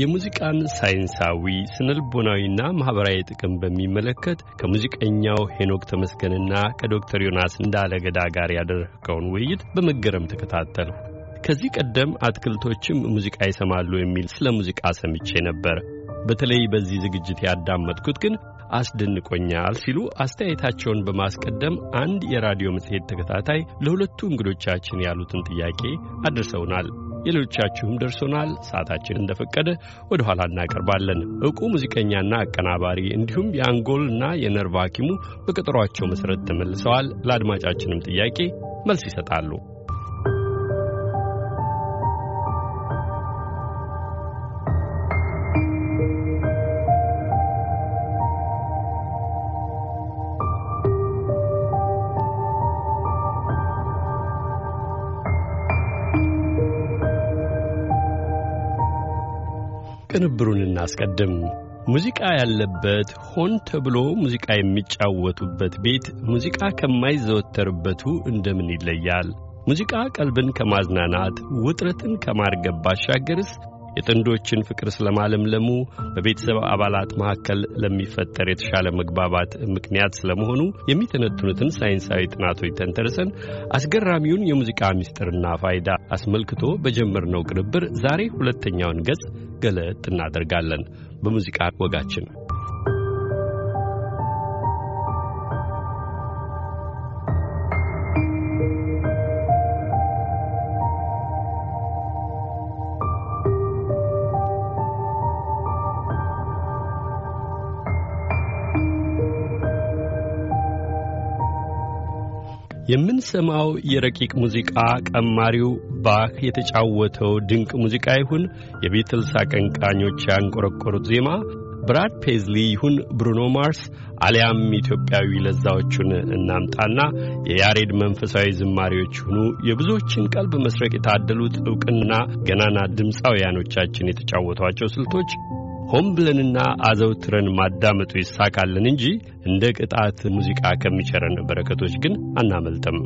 የሙዚቃን ሳይንሳዊ ስነልቦናዊና ማኅበራዊ ጥቅም በሚመለከት ከሙዚቀኛው ሄኖክ ተመስገንና ከዶክተር ዮናስ እንዳለገዳ ጋር ያደረግከውን ውይይት በመገረም ተከታተሉ። ከዚህ ቀደም አትክልቶችም ሙዚቃ ይሰማሉ የሚል ስለ ሙዚቃ ሰምቼ ነበር። በተለይ በዚህ ዝግጅት ያዳመጥኩት ግን አስደንቆኛል ሲሉ አስተያየታቸውን በማስቀደም አንድ የራዲዮ መጽሔት ተከታታይ ለሁለቱ እንግዶቻችን ያሉትን ጥያቄ አድርሰውናል። የሌሎቻችሁም ደርሶናል። ሰዓታችን እንደፈቀደ ወደ ኋላ እናቀርባለን። ዕውቁ ሙዚቀኛና አቀናባሪ እንዲሁም እና የነርቭ ሐኪሙ በቀጠሯቸው መሠረት ተመልሰዋል። ለአድማጫችንም ጥያቄ መልስ ይሰጣሉ። ቅንብሩን እናስቀድም። ሙዚቃ ያለበት ሆን ተብሎ ሙዚቃ የሚጫወቱበት ቤት ሙዚቃ ከማይዘወተርበቱ እንደምን ይለያል? ሙዚቃ ቀልብን ከማዝናናት ውጥረትን ከማርገብ ባሻገርስ የጥንዶችን ፍቅር ስለማለምለሙ በቤተሰብ አባላት መካከል ለሚፈጠር የተሻለ መግባባት ምክንያት ስለመሆኑ የሚተነትኑትን ሳይንሳዊ ጥናቶች ተንተርሰን አስገራሚውን የሙዚቃ ምስጢርና ፋይዳ አስመልክቶ በጀመርነው ቅንብር ዛሬ ሁለተኛውን ገጽ ገለጥ እናደርጋለን በሙዚቃ ወጋችን የምንሰማው የረቂቅ ሙዚቃ ቀማሪው ባህ የተጫወተው ድንቅ ሙዚቃ ይሁን የቢትልስ አቀንቃኞች ያንቆረቆሩት ዜማ ብራድ ፔዝሊ ይሁን ብሩኖ ማርስ አሊያም ኢትዮጵያዊ ለዛዎቹን እናምጣና የያሬድ መንፈሳዊ ዝማሬዎች ይሁኑ የብዙዎችን ቀልብ መስረቅ የታደሉት ዕውቅና ገናና ድምፃውያኖቻችን የተጫወቷቸው ስልቶች ሆን ብለንና አዘውትረን ማዳመጡ ይሳካልን እንጂ እንደ ቅጣት ሙዚቃ ከሚቸረን በረከቶች ግን አናመልጥም።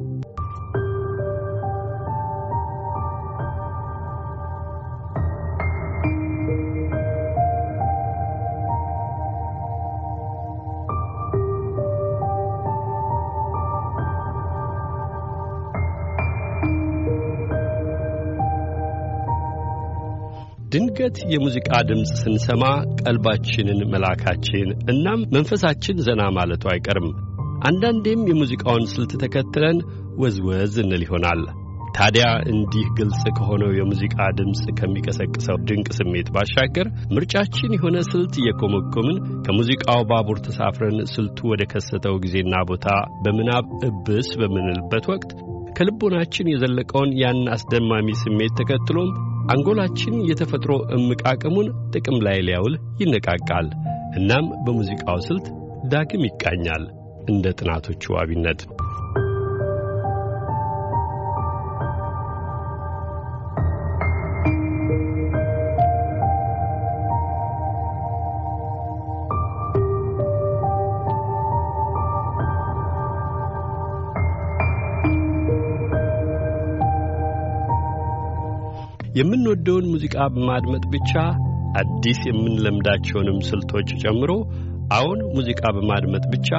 ድንገት የሙዚቃ ድምፅ ስንሰማ ቀልባችንን መላካችን እናም መንፈሳችን ዘና ማለቱ አይቀርም። አንዳንዴም የሙዚቃውን ስልት ተከትለን ወዝወዝ እንል ይሆናል። ታዲያ እንዲህ ግልጽ ከሆነው የሙዚቃ ድምፅ ከሚቀሰቅሰው ድንቅ ስሜት ባሻገር ምርጫችን የሆነ ስልት እየኮመኮምን ከሙዚቃው ባቡር ተሳፍረን ስልቱ ወደ ከሰተው ጊዜና ቦታ በምናብ እብስ በምንልበት ወቅት ከልቦናችን የዘለቀውን ያን አስደማሚ ስሜት ተከትሎም አንጎላችን የተፈጥሮ እምቅ አቅሙን ጥቅም ላይ ሊያውል ይነቃቃል። እናም በሙዚቃው ስልት ዳግም ይቃኛል እንደ ጥናቶቹ ዋቢነት። የምንወደውን ሙዚቃ በማድመጥ ብቻ አዲስ የምንለምዳቸውንም ስልቶች ጨምሮ አሁን ሙዚቃ በማድመጥ ብቻ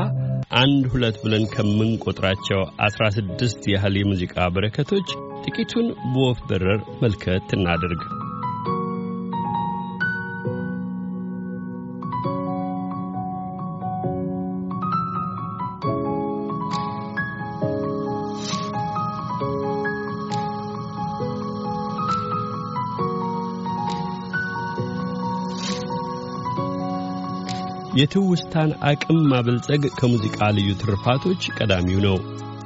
አንድ ሁለት ብለን ከምንቆጥራቸው አስራ ስድስት ያህል የሙዚቃ በረከቶች ጥቂቱን በወፍ በረር መልከት እናድርግ። የትውስታን አቅም ማበልጸግ ከሙዚቃ ልዩ ትርፋቶች ቀዳሚው ነው።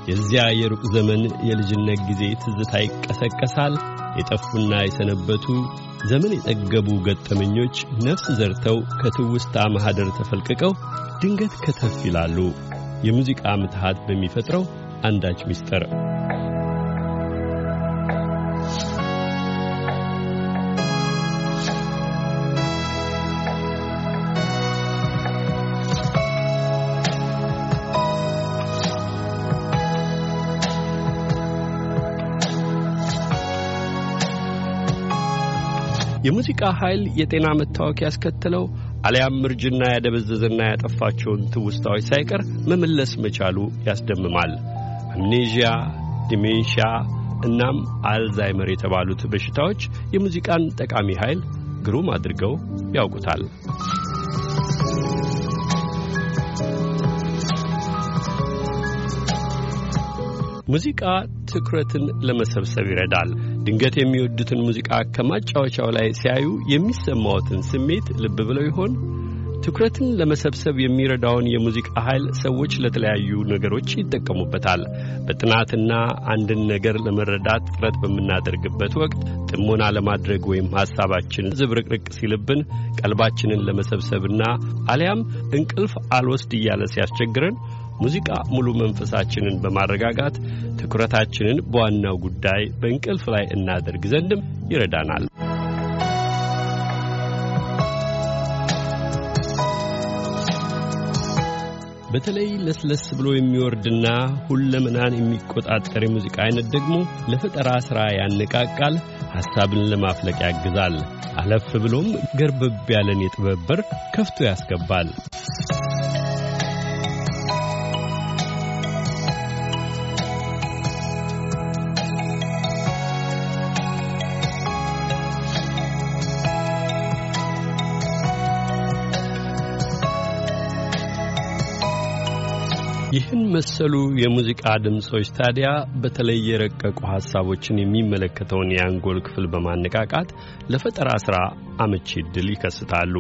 የዚያ የሩቅ ዘመን የልጅነት ጊዜ ትዝታ ይቀሰቀሳል። የጠፉና የሰነበቱ ዘመን የጠገቡ ገጠመኞች ነፍስ ዘርተው ከትውስታ ማኅደር ተፈልቅቀው ድንገት ከተፍ ይላሉ። የሙዚቃ ምትሃት በሚፈጥረው አንዳች ምስጢር የሙዚቃ ኃይል የጤና መታወክ ያስከተለው አሊያም እርጅና ያደበዘዘና ያጠፋቸውን ትውስታዎች ሳይቀር መመለስ መቻሉ ያስደምማል። አምኔዥያ፣ ዲሜንሽያ እናም አልዛይመር የተባሉት በሽታዎች የሙዚቃን ጠቃሚ ኃይል ግሩም አድርገው ያውቁታል። ሙዚቃ ትኩረትን ለመሰብሰብ ይረዳል። ድንገት የሚወዱትን ሙዚቃ ከማጫወቻው ላይ ሲያዩ የሚሰማዎትን ስሜት ልብ ብለው ይሆን? ትኩረትን ለመሰብሰብ የሚረዳውን የሙዚቃ ኃይል ሰዎች ለተለያዩ ነገሮች ይጠቀሙበታል። በጥናትና አንድን ነገር ለመረዳት ጥረት በምናደርግበት ወቅት ጥሞና ለማድረግ ወይም ሐሳባችን ዝብርቅርቅ ሲልብን ቀልባችንን ለመሰብሰብና አሊያም እንቅልፍ አልወስድ እያለ ሲያስቸግረን ሙዚቃ ሙሉ መንፈሳችንን በማረጋጋት ትኩረታችንን በዋናው ጉዳይ በእንቅልፍ ላይ እናደርግ ዘንድም ይረዳናል። በተለይ ለስለስ ብሎ የሚወርድና ሁለመናን የሚቆጣጠር የሙዚቃ አይነት ደግሞ ለፈጠራ ሥራ ያነቃቃል፣ ሐሳብን ለማፍለቅ ያግዛል፣ አለፍ ብሎም ገርበብ ያለን የጥበብ በር ከፍቶ ያስገባል። ይህን መሰሉ የሙዚቃ ድምፆች ታዲያ በተለይ የረቀቁ ሐሳቦችን የሚመለከተውን የአንጎል ክፍል በማነቃቃት ለፈጠራ ሥራ አመቺ ዕድል ይከስታሉ።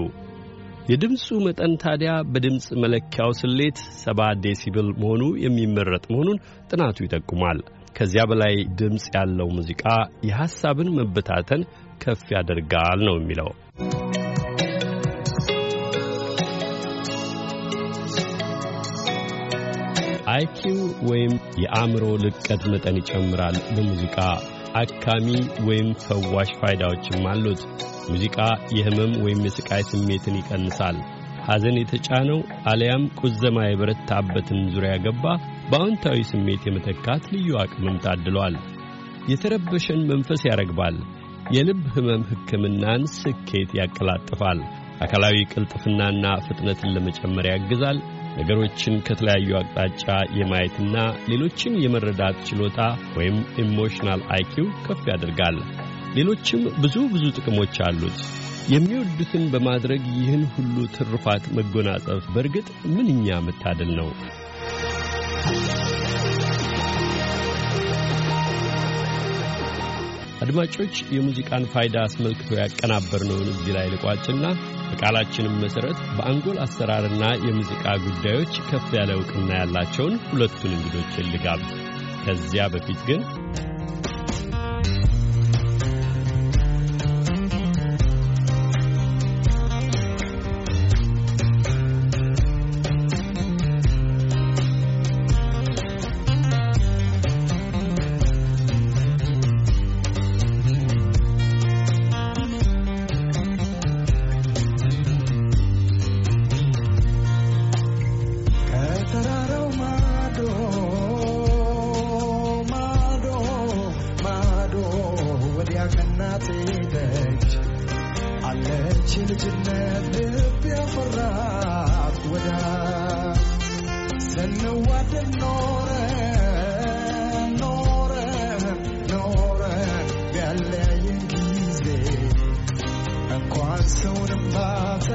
የድምፁ መጠን ታዲያ በድምፅ መለኪያው ስሌት ሰባ ዴሲብል መሆኑ የሚመረጥ መሆኑን ጥናቱ ይጠቁማል። ከዚያ በላይ ድምፅ ያለው ሙዚቃ የሐሳብን መበታተን ከፍ ያደርጋል ነው የሚለው። አይኪው ወይም የአእምሮ ልቀት መጠን ይጨምራል። በሙዚቃ አካሚ ወይም ፈዋሽ ፋይዳዎችም አሉት። ሙዚቃ የህመም ወይም የሥቃይ ስሜትን ይቀንሳል። ሐዘን የተጫነው አሊያም ቁዘማ የበረታበትን ዙሪያ ገባ በአዎንታዊ ስሜት የመተካት ልዩ አቅምም ታድሏል። የተረበሸን መንፈስ ያረግባል። የልብ ህመም ሕክምናን ስኬት ያቀላጥፋል። አካላዊ ቅልጥፍናና ፍጥነትን ለመጨመር ያግዛል። ነገሮችን ከተለያዩ አቅጣጫ የማየትና ሌሎችን የመረዳት ችሎታ ወይም ኢሞሽናል አይኪው ከፍ ያደርጋል። ሌሎችም ብዙ ብዙ ጥቅሞች አሉት። የሚወዱትን በማድረግ ይህን ሁሉ ትሩፋት መጎናጸፍ በእርግጥ ምንኛ መታደል ነው! አድማጮች የሙዚቃን ፋይዳ አስመልክቶ ያቀናበርነውን እዚህ ላይ ልቋጭና በቃላችንም መሠረት በአንጎል አሰራርና የሙዚቃ ጉዳዮች ከፍ ያለ እውቅና ያላቸውን ሁለቱን እንግዶች ልጋብ። ከዚያ በፊት ግን ወዲያ ከናቴ ደጅ አለች ልጅነት ልብ ያፈራት ወዳ ስንዋደድ ኖረ ኖረ ኖረ ቢያለያየን ጊዜ እንኳን ሰውን ባተ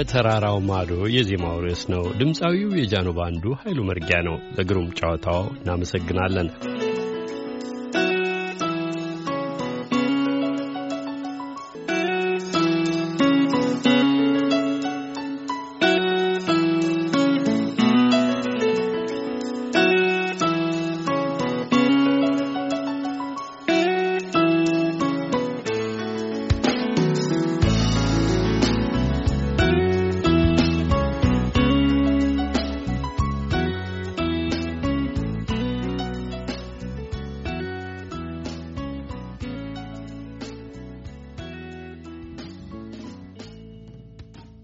ከተራራው ማዶ የዜማው ርዕስ ነው። ድምፃዊው የጃኖ ባንዱ ኃይሉ መርጊያ ነው። ለግሩም ጨዋታው እናመሰግናለን።